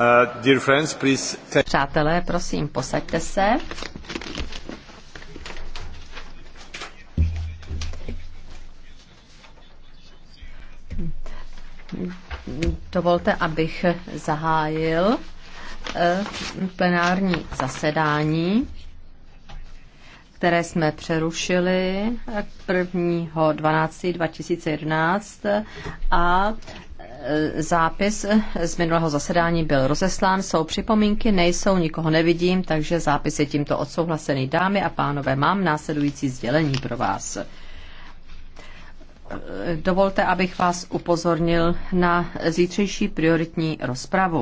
Uh, dear Přátelé, prosím, posaďte se. Dovolte, abych zahájil eh, plenární zasedání, které jsme přerušili 1. 12. 2011 a Zápis z minulého zasedání byl rozeslán, jsou připomínky, nejsou, nikoho nevidím, takže zápis je tímto odsouhlasený. Dámy a pánové, mám následující sdělení pro vás. Dovolte, abych vás upozornil na zítřejší prioritní rozpravu.